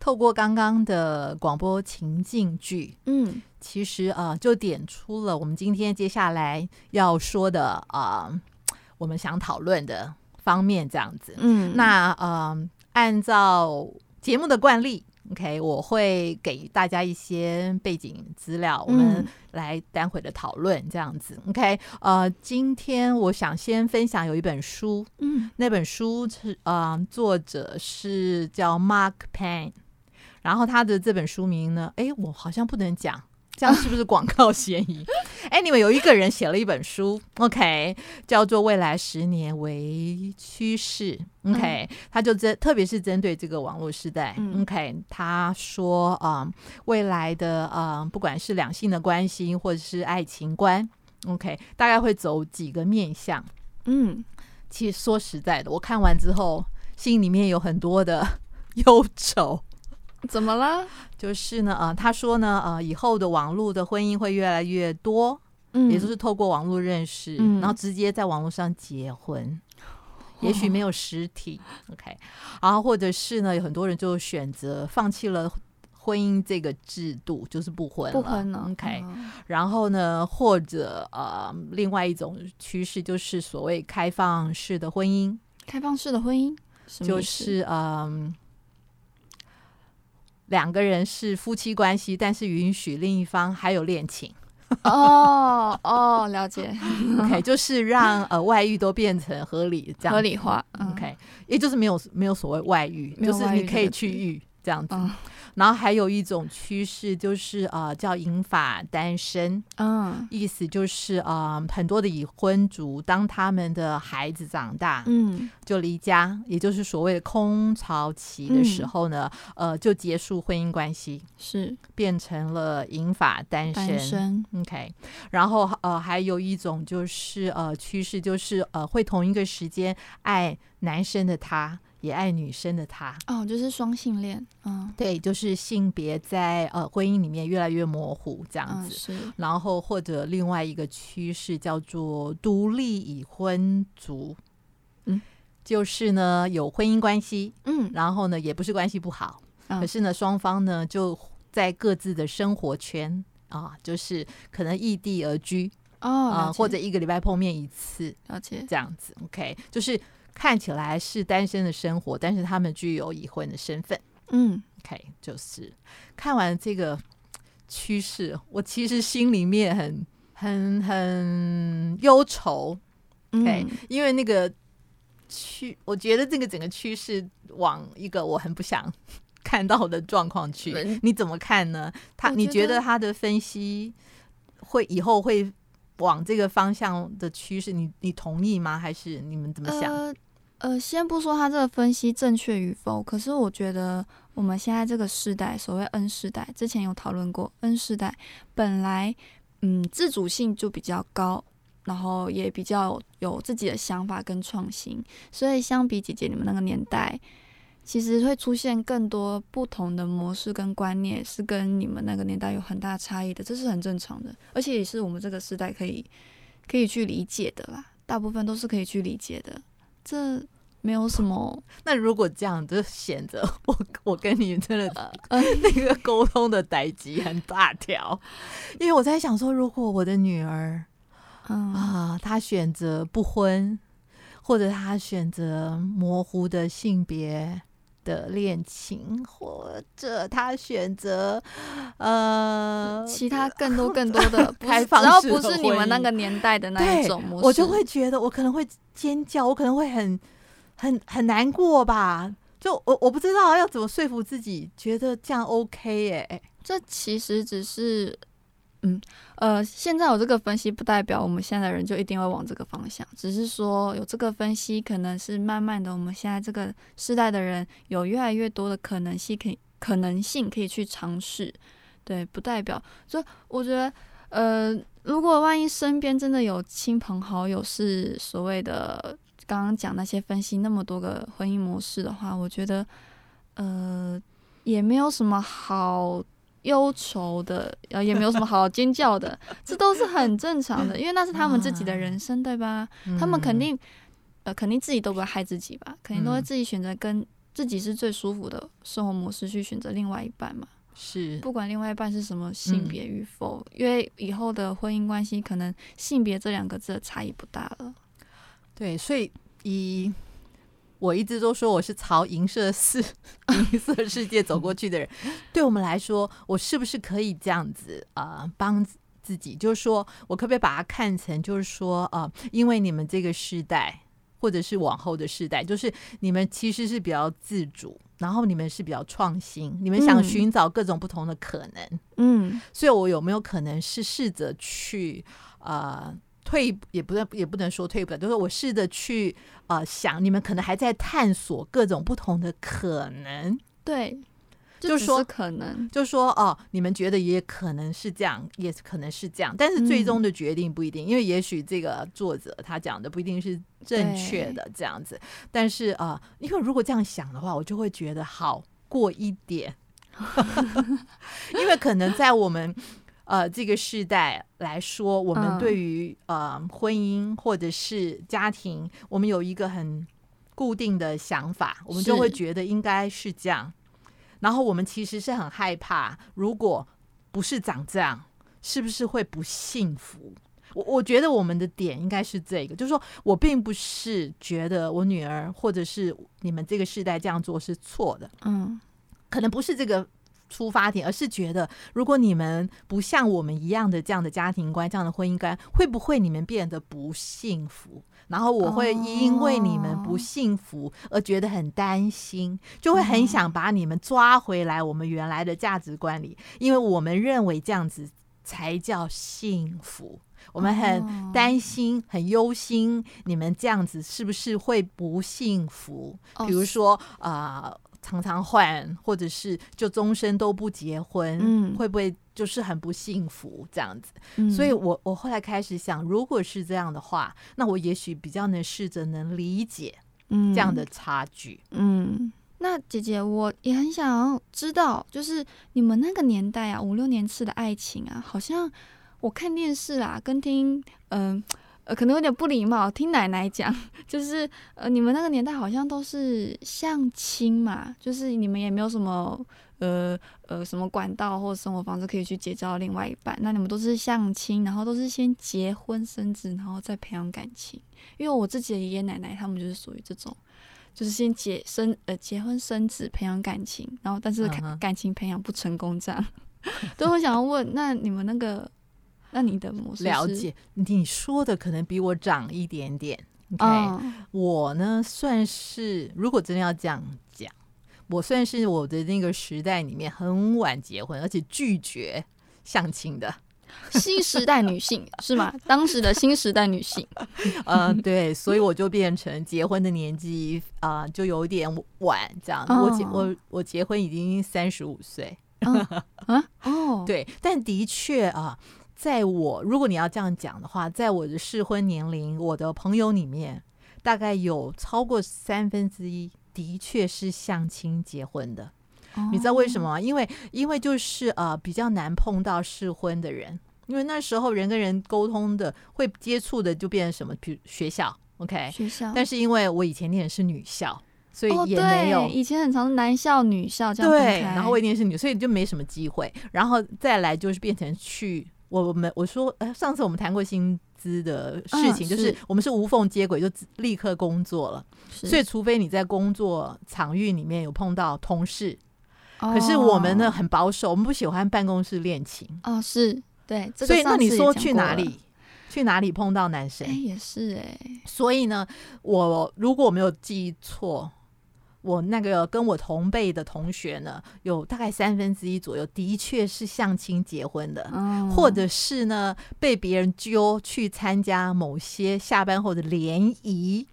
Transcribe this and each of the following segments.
透過剛剛的廣播情境劇，嗯，其實啊、呃，就點出了我們今天接下來要說的啊、呃，我們想討論的方面，這樣子。嗯，那呃，按照節目的慣例，OK，我會給大家一些背景資料，我們來待會的討論，這樣子。OK，呃，今天我想先分享有一本書，嗯，那本書是啊、呃，作者是叫 Mark Payne。然後他的這本書名呢？哎，我好像不能講，這樣是不是廣告嫌疑？誒，你們有一個人寫了一本書 ，OK，叫做《未來十年為趨勢》，OK，嗯、他就針，特別是針對這個網絡時代、嗯、OK，他說啊、嗯，未來的啊、嗯，不管是兩性的關係或者是愛情觀，OK，大概會走幾個面向。嗯，其實說實在的，我看完之後，心裡面有很多的憂愁。怎麼了？就是呢，呃，他說呢，呃，以後的網絡的婚姻會越來越多，嗯，也就是透過網絡認識，嗯，然後直接在網絡上結婚，嗯，也許沒有實體，OK，然後或者是呢，有很多人就選擇放棄了婚姻這個制度，就是不婚了，不婚了，OK，嗯，然後呢，或者呃，另外一種趨勢就是所謂開放式的婚姻，開放式的婚姻，就是嗯，呃兩個人是夫妻關係，但是允許另一方還有戀情。哦哦，了解。 OK，就是讓呃外遇都變成合理這樣 合理化、嗯。OK，也就是沒有沒有所謂外遇，外遇就是你可以去遇。這個這樣子，uh, 然後還有一種趨勢就是呃，叫銀髮單身，嗯、uh,，意思就是呃，很多的已婚族當他們的孩子長大，嗯，就離家，也就是所謂的空巢期的時候呢、嗯，呃，就結束婚姻關係，是變成了銀髮單，單身。OK，然後呃，還有一種就是呃，趨勢就是呃，會同一個時間愛男生的他。也愛女生的他哦，就是雙性戀，嗯，對，就是性別在呃婚姻裡面越來越模糊這樣子，啊、是、然後或者另外一個趨勢叫做獨立已婚族，嗯，嗯就是呢有婚姻關係，嗯，然後呢也不是關係不好、嗯，可是呢雙方呢就在各自的生活圈啊，就是可能異地而居哦，啊、呃、或者一個禮拜碰面一次，而且這樣子，這樣子，OK，就是。看起來是單身的生活，但是他們具有已婚的身份。嗯，OK，就是看完這個趨勢，我其實心裡面很、很、很憂愁。OK，嗯、因為那個趨，我覺得這個整個趨勢往一個我很不想看到的狀況去、嗯。你怎麼看呢？他，我覺得你覺得他的分析會以後會？往這個方向的趨勢，你你同意嗎？還是你們怎麼想？呃，呃，先不說他這個分析正確與否，可是我覺得我們現在這個世代，所謂 N 世代，之前有討論過，N 世代本來嗯自主性就比較高，然後也比較有自己的想法跟創新，所以相比姐姐你們那個年代。其實會出現更多不同的模式跟觀念，是跟你們那個年代有很大差異的，這是很正常的，而且也是我們這個時代可以可以去理解的啦。大部分都是可以去理解的，這沒有什麼。那如果這樣，就顯得我我跟你真的那個溝 通的代際很大條。因為我在想說，如果我的女兒、嗯、啊，她選擇不婚，或者她選擇模糊的性別。的戀情，或者他選擇呃其他更多更多的 開放式只要不是你們那個年代的那一種，我就會覺得我可能會尖叫，我可能會很很很難過吧。就我我不知道要怎麼說服自己，覺得這樣 OK 哎、欸，這其實只是。嗯，呃，現在有這個分析不代表我們現在的人就一定會往這個方向，只是說有這個分析，可能是慢慢的我們現在這個時代的人有越來越多的可能性，可以，可能性可以去嘗試，對，不代表就我覺得，呃，如果萬一身邊真的有親朋好友是所謂的剛剛講那些分析那麼多個婚姻模式的話，我覺得，呃，也沒有什麼好。憂愁的，呃，也沒有什麼好尖叫的， 這都是很正常的，因為那是他們自己的人生，嗯，對吧？他們肯定，呃，肯定自己都不會害自己吧，肯定都會自己選擇跟自己是最舒服的生活模式去選擇另外一半嘛，是，不管另外一半是什麼性別與否，嗯，因為以後的婚姻關係可能性別這兩個字的差異不大了，對，所以以。我一直都說我是朝銀色世銀色世界走過去的人。對我們來說，我是不是可以這樣子啊，幫、呃、自己？就是說我可不可以把它看成就是說啊、呃，因為你們這個時代或者是往後的世代，就是你們其實是比較自主，然後你們是比較創新，你們想尋找各種不同的可能。嗯，所以我有沒有可能是試着去啊？呃退也不對，也不能說退一步，就是我試着去呃想，你們可能還在探索各種不同的可能，對，就是說可能，就是說哦、呃，你們覺得也可能是這樣，也可能是這樣，但是最終的決定不一定，嗯、因為也許這個作者他講的不一定是正確的這樣子，但是啊、呃，因為如果這樣想的話，我就會覺得好過一點， 因為可能在我們。呃，這個世代來說，我們對於呃婚姻或者是家庭，我們有一個很固定的想法，我們就會覺得應該是這樣是。然後我們其實是很害怕，如果不是長這樣，是不是會不幸福？我我覺得我們的點應該是這個，就是說我並不是覺得我女兒或者是你們這個世代這樣做是錯的，嗯，可能不是這個。出發點，而是覺得如果你們不像我們一樣的這樣的家庭觀、這樣的婚姻觀，會不會你們變得不幸福？然後我會因為你們不幸福而覺得很擔心，就會很想把你們抓回來我們原來的價值觀裡，因為我們認為這樣子才叫幸福。我們很擔心、很憂心你們這樣子是不是會不幸福？比如說啊。呃常常換，或者是就終身都不結婚，嗯，會不會就是很不幸福這樣子？嗯，所以我我後來開始想，如果是這樣的話，那我也許比較能試着能理解這樣的差距。嗯，嗯，那姐姐，我也很想知道，就是你們那個年代啊，五六年次的愛情啊，好像我看電視啊，跟聽嗯。呃呃，可能有點不禮貌。聽奶奶講，就是呃，你們那個年代好像都是相親嘛，就是你們也沒有什麼呃呃什麼管道，或者生活方式可以去結交另外一半。那你們都是相親，然後都是先結婚生子，然後再培養感情。因為我自己的爺爺奶奶他們就是屬於這種，就是先結生呃結婚生子，培養感情，然後但是感情培養不成功這樣。所以，uh-huh. 我想要問，那你們那個？那你的模式了解？你說的可能比我長一點點。OK，、oh. 我呢算是，如果真的要這樣講，我算是我的那個時代裡面很晚結婚，而且拒絕相親的新時代女性 是嗎？當時的新時代女性，嗯、 呃，對，所以我就變成結婚的年紀啊、呃，就有點晚。這樣，oh. 我結我我結婚已經三十五歲。對，但的確啊。呃在我，如果你要這樣講的話，在我的適婚年齡，我的朋友裡面，大概有超過三分之一的確是相親結婚的。哦，你知道為什麼？因為因為就是呃比較難碰到適婚的人，因為那時候人跟人溝通的會接觸的就變成什麼？比如學校，OK？學校。但是因為我以前念的是女校，所以也沒有。哦、對以前很常男校女校這樣子。然後我一定是女，所以就沒什麼機會。然後再來就是變成去。我們我說，呃，上次我們談過薪資的事情，就是我們是無縫接軌，就立刻工作了。嗯、所以，除非你在工作場域裡面有碰到同事，是可是我們呢、哦、很保守，我們不喜歡辦公室戀情。哦，是對、這個，所以那你說去哪裡？去哪裡碰到男生？哎、欸，也是哎、欸。所以呢，我如果我沒有記錯。我那個跟我同輩的同學呢，有大概三分之一左右的確是相親結婚的，嗯，或者是呢被別人揪去參加某些下班後的聯誼，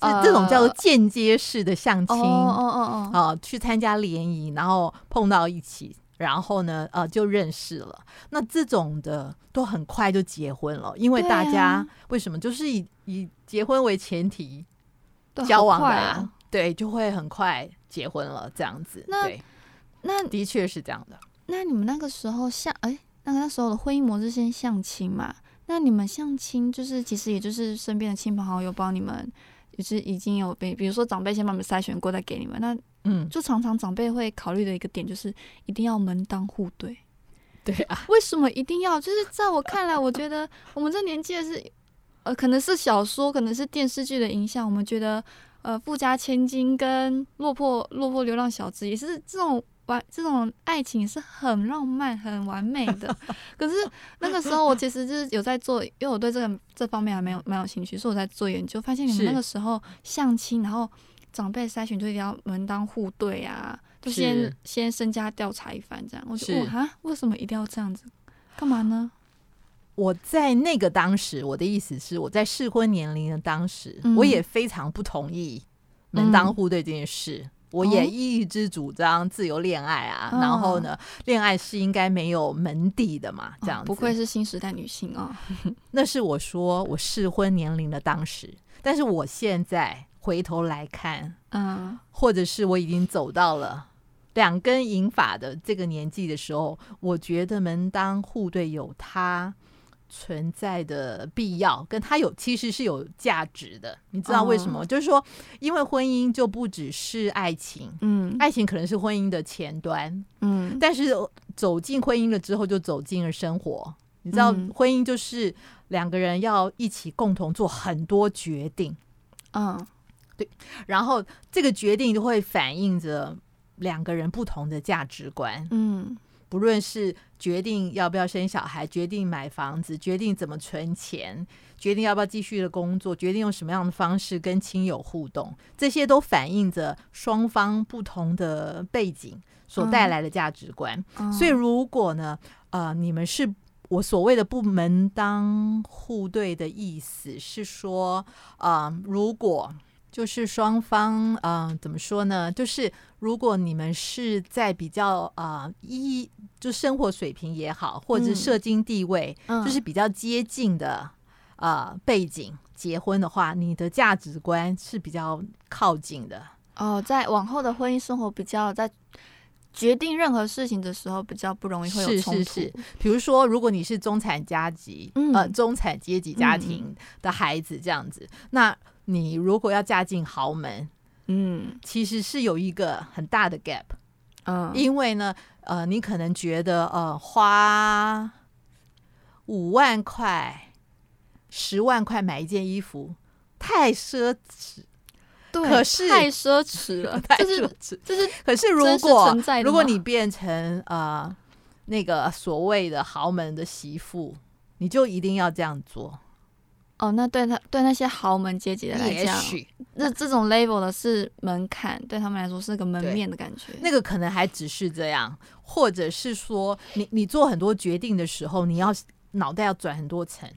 呃就是，這種叫做間接式的相親，呃、哦哦哦哦，啊去參加聯誼，然後碰到一起，然後呢呃就認識了。那這種的都很快就結婚了，因為大家為什麼？啊、就是以以結婚為前提交往的。對，就會很快結婚了，這樣子。那對，那的確是這樣的。那你們那個時候相哎、欸，那個那時候的婚姻模式先相親嘛？那你們相親就是，其實也就是身邊的親朋好友幫你們，也是已經有被，比如說長輩先幫你們篩選過，再給你們。那嗯，就常常長輩會考慮的一個點就是，一定要門當戶對。對啊，為什麼一定要？就是在我看來，我覺得我們這年紀的是， 呃，可能是小說，可能是電視劇的影響，我們覺得。呃，富家千金跟落魄落魄流浪小子，也是這種玩。這種愛情是很浪漫、很完美的。可是那個時候，我其實就是有在做，因為我對這個這方面還沒有蠻有興趣，所以我在做研究，發現你們那個時候相親，然後長輩篩選就一定要門當戶對啊，就先先身家調查一番這樣。我就，我哈，為什麼一定要這樣子？幹嘛呢？我在那個當時，我的意思是我在適婚年齡的當時，嗯，我也非常不同意門當戶對這件事。嗯，我也一直主張自由戀愛啊，哦，然後呢，戀愛是應該沒有門第的嘛。哦，這樣子。不愧是新時代女性哦。 那是我說我適婚年齡的當時，但是我現在回頭來看，嗯，或者是我已經走到了兩根銀髮的這個年紀的時候，我覺得門當戶對有它存在的必要，跟他有其實是有價值的，你知道為什麼？Oh. 就是說，因為婚姻就不只是愛情，嗯，愛情可能是婚姻的前端，嗯，但是走進婚姻了之後，就走進了生活，你知道，嗯、婚姻就是兩個人要一起共同做很多決定，嗯、oh.，對，然後這個決定就會反映着兩個人不同的價值觀，嗯。不論是決定要不要生小孩，決定買房子，決定怎麼存錢，決定要不要繼續的工作，決定用什麼樣的方式跟親友互動，這些都反映着雙方不同的背景所帶來的價值觀。嗯嗯、所以，如果呢，呃，你們是我所謂的不門當戶對的意思，是說，呃，如果。就是雙方，嗯、呃，怎麼說呢？就是如果你們是在比較啊，一、呃、就生活水平也好，或者是社經地位、嗯嗯，就是比較接近的，呃，背景結婚的話，你的價值觀是比較靠近的哦。在往後的婚姻生活比較，在決定任何事情的時候比較不容易會有衝突。比如說，如果你是中產階級、嗯，呃，中產階級家庭的孩子這樣子，嗯、那。你如果要嫁進豪門，嗯，其實是有一個很大的 gap，嗯，因為呢，呃，你可能覺得呃，花五萬塊、十萬塊買一件衣服太奢侈，對，可是太奢侈了，太奢侈，就是可是如果如果你變成呃那個所謂的豪門的媳婦，你就一定要這樣做。哦，那對他對那些豪門階級的來講，那這種 level 的是門檻，對他們來說是個門面的感覺。那個可能還只是這樣，或者是說你，你你做很多決定的時候，你要腦袋要轉很多層。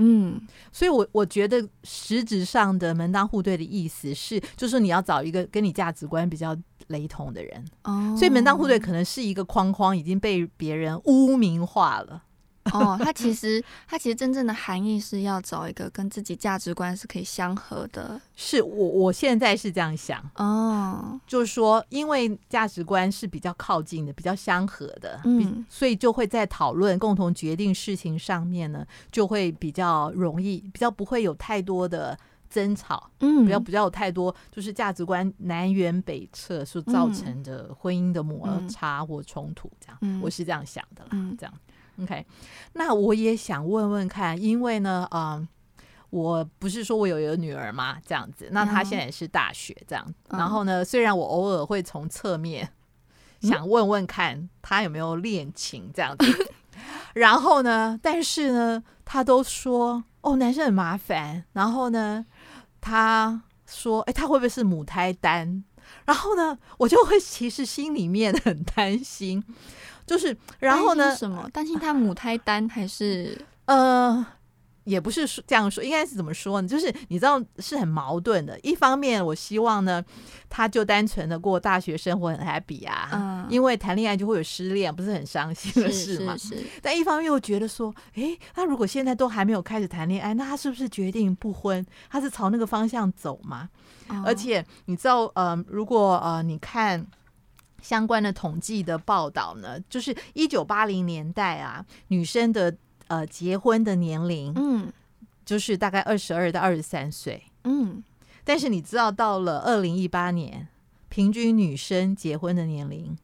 嗯，所以我我覺得實質上的門當戶對的意思是，就是你要找一個跟你價值觀比較雷同的人。哦，所以門當戶對可能是一個框框，已經被別人污名化了。 哦，它其實，它其實真正的含義是要找一個跟自己價值觀是可以相合的。是我我現在是這樣想，哦，就是說，因為價值觀是比較靠近的，比較相合的，嗯，所以就會在討論、共同決定事情上面呢，就會比較容易，比較不會有太多的爭吵，嗯，比較比較有太多，就是價值觀南轅北轍所造成的婚姻的摩擦或衝突，嗯、這樣，我是這樣想的啦，嗯、這樣。OK，那我也想問問看，因為呢，啊、嗯，我不是說我有一個女兒嘛，這樣子，那她現在是大學、嗯哦、這樣，然後呢，嗯、雖然我偶爾會從側面想問問看她有沒有戀情、嗯、這樣子， 然後呢，但是呢，她都說哦，男生很麻煩，然後呢，她說，哎，她會不會是母胎單？然後呢，我就會其實心裡面很擔心。就是，然後呢？擔心什麼？擔心他母胎單還是？呃，也不是說這樣說，應該是怎麼說呢？就是你知道是很矛盾的。一方面，我希望呢，他就單純的過大學生活很 happy 啊，嗯、因為談戀愛就會有失戀，不是很傷心的事嘛。但一方面又覺得說，哎，他如果現在都還沒有開始談戀愛，那他是不是決定不婚？他是朝那個方向走嗎？哦、而且你知道，呃，如果呃，你看。相關的統計的報道呢，就是一九八零年代啊，女生的呃結婚的年齡，嗯，就是大概二十二到二十三歲，嗯，但是你知道到了二零一八年，平均女生結婚的年齡，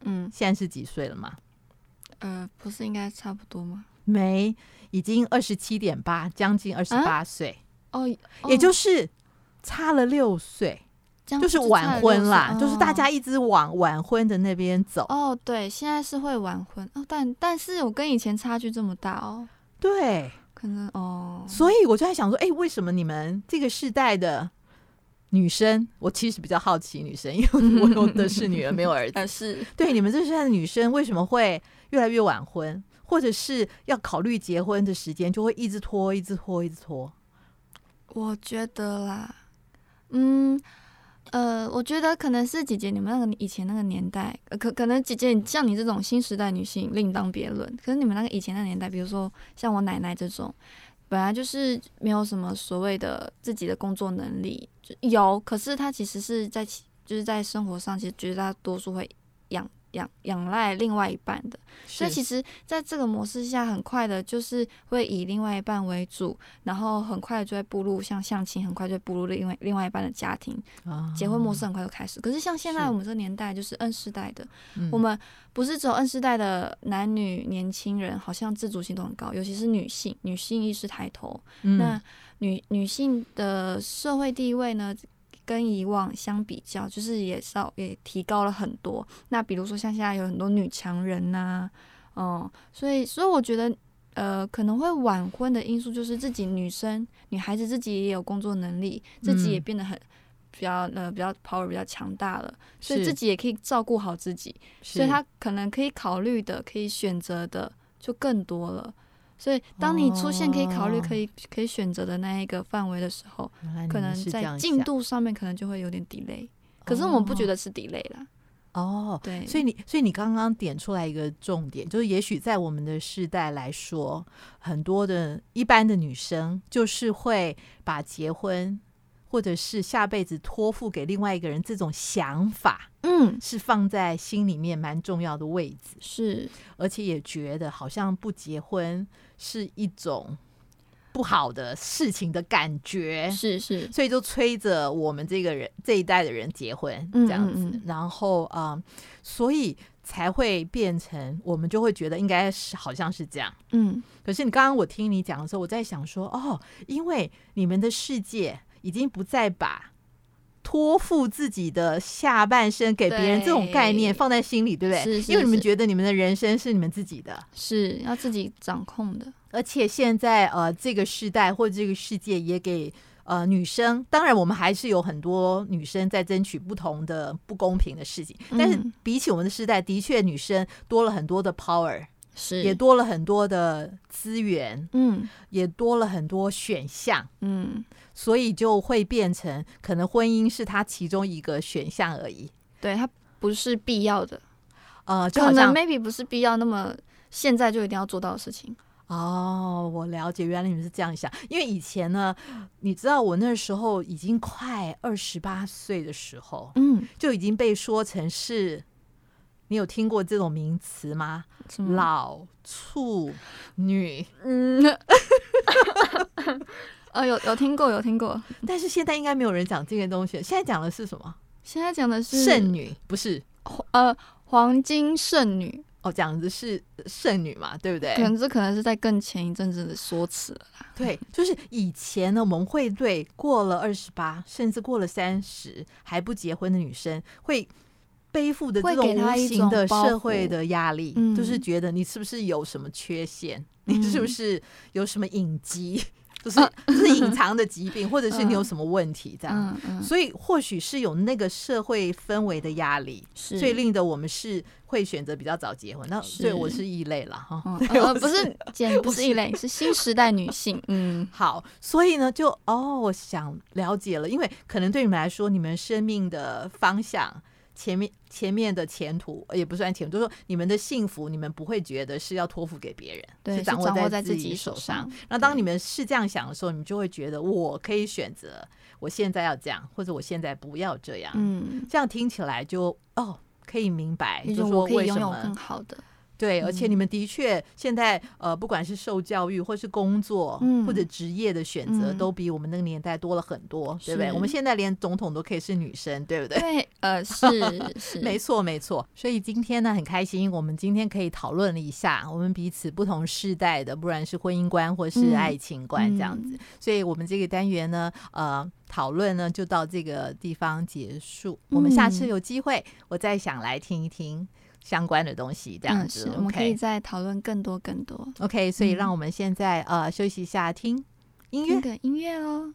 嗯，現在是幾歲了嗎？呃，不是應該差不多嗎？沒，已經二十七點八，將近二十八歲，哦，也就是差了六歲。就是晚婚啦，嗯，就是大家一直往晚婚的那邊走。哦，對，現在是會晚婚哦，但但是我跟以前差距這麼大哦。對，可能哦。所以我就在想說，哎，欸，為什麼你們這個世代的女生，我其實比較好奇女生，因為我的是女兒，沒有兒子。 但是，對，你們這世代的女生為什麼會越來越晚婚，或者是要考慮結婚的時間就會一直拖，一直拖，一直拖？我覺得啦，嗯。呃，我覺得可能是姐姐你們那個以前那個年代，呃，可可能姐姐像你這種新時代女性另當別論。可是你們那個以前的年代，比如說像我奶奶這種，本來就是沒有什麼所謂的自己的工作能力，就有，可是她其實是在其就是在生活上其實絕大多數會養。仰仰賴另外一半的，所以其實在這個模式下，很快的就是會以另外一半為主，然後很快就會步入像相親，很快就會步入另外另外一半的家庭，啊，結婚模式很快就開始。可是像現在我們這個年代，就是 N 世代的，我們不是只有 N 世代的男女年輕人，好像自主性都很高，尤其是女性，女性意識抬頭，嗯、那女女性的社會地位呢？跟以往相比較，就是也少也提高了很多。那比如說像現在有很多女強人吶、啊，哦、嗯，所以所以我覺得，呃，可能會晚婚的因素就是自己女生女孩子自己也有工作能力，自己也變得很比較呃比較 power 比較強大了，所以自己也可以照顧好自己，所以她可能可以考慮的可以選擇的就更多了。所以，當你出現可以考慮、可以可以選擇的那一個範圍的時候，哦、可能在進度上面可能就會有點 delay，嗯。可是我們不覺得是 delay 啦。哦，對。所以你，所以你剛剛點出來一個重點，就是也許在我們的世代來說，很多的一般的女生就是會把結婚，或者是下輩子托付給另外一個人。這種想法，嗯，是放在心裡面蠻重要的位置，是，而且也覺得好像不結婚是一種不好的事情的感覺，是是，所以就催着我們這個人這一代的人結婚這樣子，嗯嗯嗯，然後啊，嗯，所以才會變成我們就會覺得應該是好像是這樣，嗯。可是你剛剛我聽你講的時候，我在想說，哦，因為你們的世界。已經不再把托付自己的下半生給別人這種概念放在心裡，對，對不對？是，是，因為你們覺得你們的人生是你們自己的，是要自己掌控的。而且現在呃，這個時代或者這個世界也給呃女生，當然我們還是有很多女生在爭取不同的不公平的事情，嗯，但是比起我們的時代，的確女生多了很多的 power。是，也多了很多的資源，嗯，也多了很多選項，嗯，所以就會變成可能婚姻是他其中一個選項而已，對，他不是必要的，呃，就好像可能 maybe 不是必要那麼現在就一定要做到的事情哦，我了解，原來你們是這樣想，因為以前呢，你知道我那時候已經快二十八歲的時候，嗯，就已經被說成是。你有聽過這種名詞嗎？老處女？嗯， 呃，有有聽過，有聽過。但是現在應該沒有人講這些東西。現在講的是什麼？現在講的是剩女，不是？呃，黃金剩女。哦，講的是剩女嘛，對不對？可能這可能是在更前一陣子的說辭了啦。 對，就是以前呢，我們會對過了二十八，甚至過了三十還不結婚的女生會背負的這種無形的社會的壓力，就是覺得你是不是有什麼缺陷，嗯、你是不是有什麼隱疾，嗯、 就是是隱藏的疾病、嗯，或者是你有什麼問題、嗯、這樣、嗯嗯。所以或許是有那個社會氛圍的壓力，嗯、所以令得我們是會選擇比較早結婚。那對我是異類了哈、嗯嗯嗯，不是簡，不是異類是，是新時代女性。嗯，好，所以呢，就哦，我想了解了，因為可能對你們來說，你們生命的方向。前面前面的前途也不算前途，就是說你們的幸福，你們不會覺得是要托付給別人，對，是掌握在自己手上。那、嗯、當你們是這樣想的時候，你就會覺得我可以選擇，我現在要這樣，或者我現在不要這樣。嗯，這樣聽起來就哦，可以明白，就是說為什麼我可以擁更好的。對，而且你們的確現在、嗯、呃，不管是受教育，或是工作，或者職業的選擇，都比我們那個年代多了很多，嗯、對不對？我們現在連總統都可以是女生，對不對？對，呃，是，是 沒錯沒錯。所以今天呢，很開心，我們今天可以討論了一下，我們彼此不同世代的，不然是婚姻觀，或是愛情觀這樣子、嗯嗯。所以我們這個單元呢，呃，討論呢就到這個地方結束、嗯。我們下次有機會，我再想來聽一聽。相關的東西，這樣子、嗯，是 okay，我們可以再討論更多更多。OK，所以讓我們現在、嗯、呃休息一下，聽音樂，個音樂哦。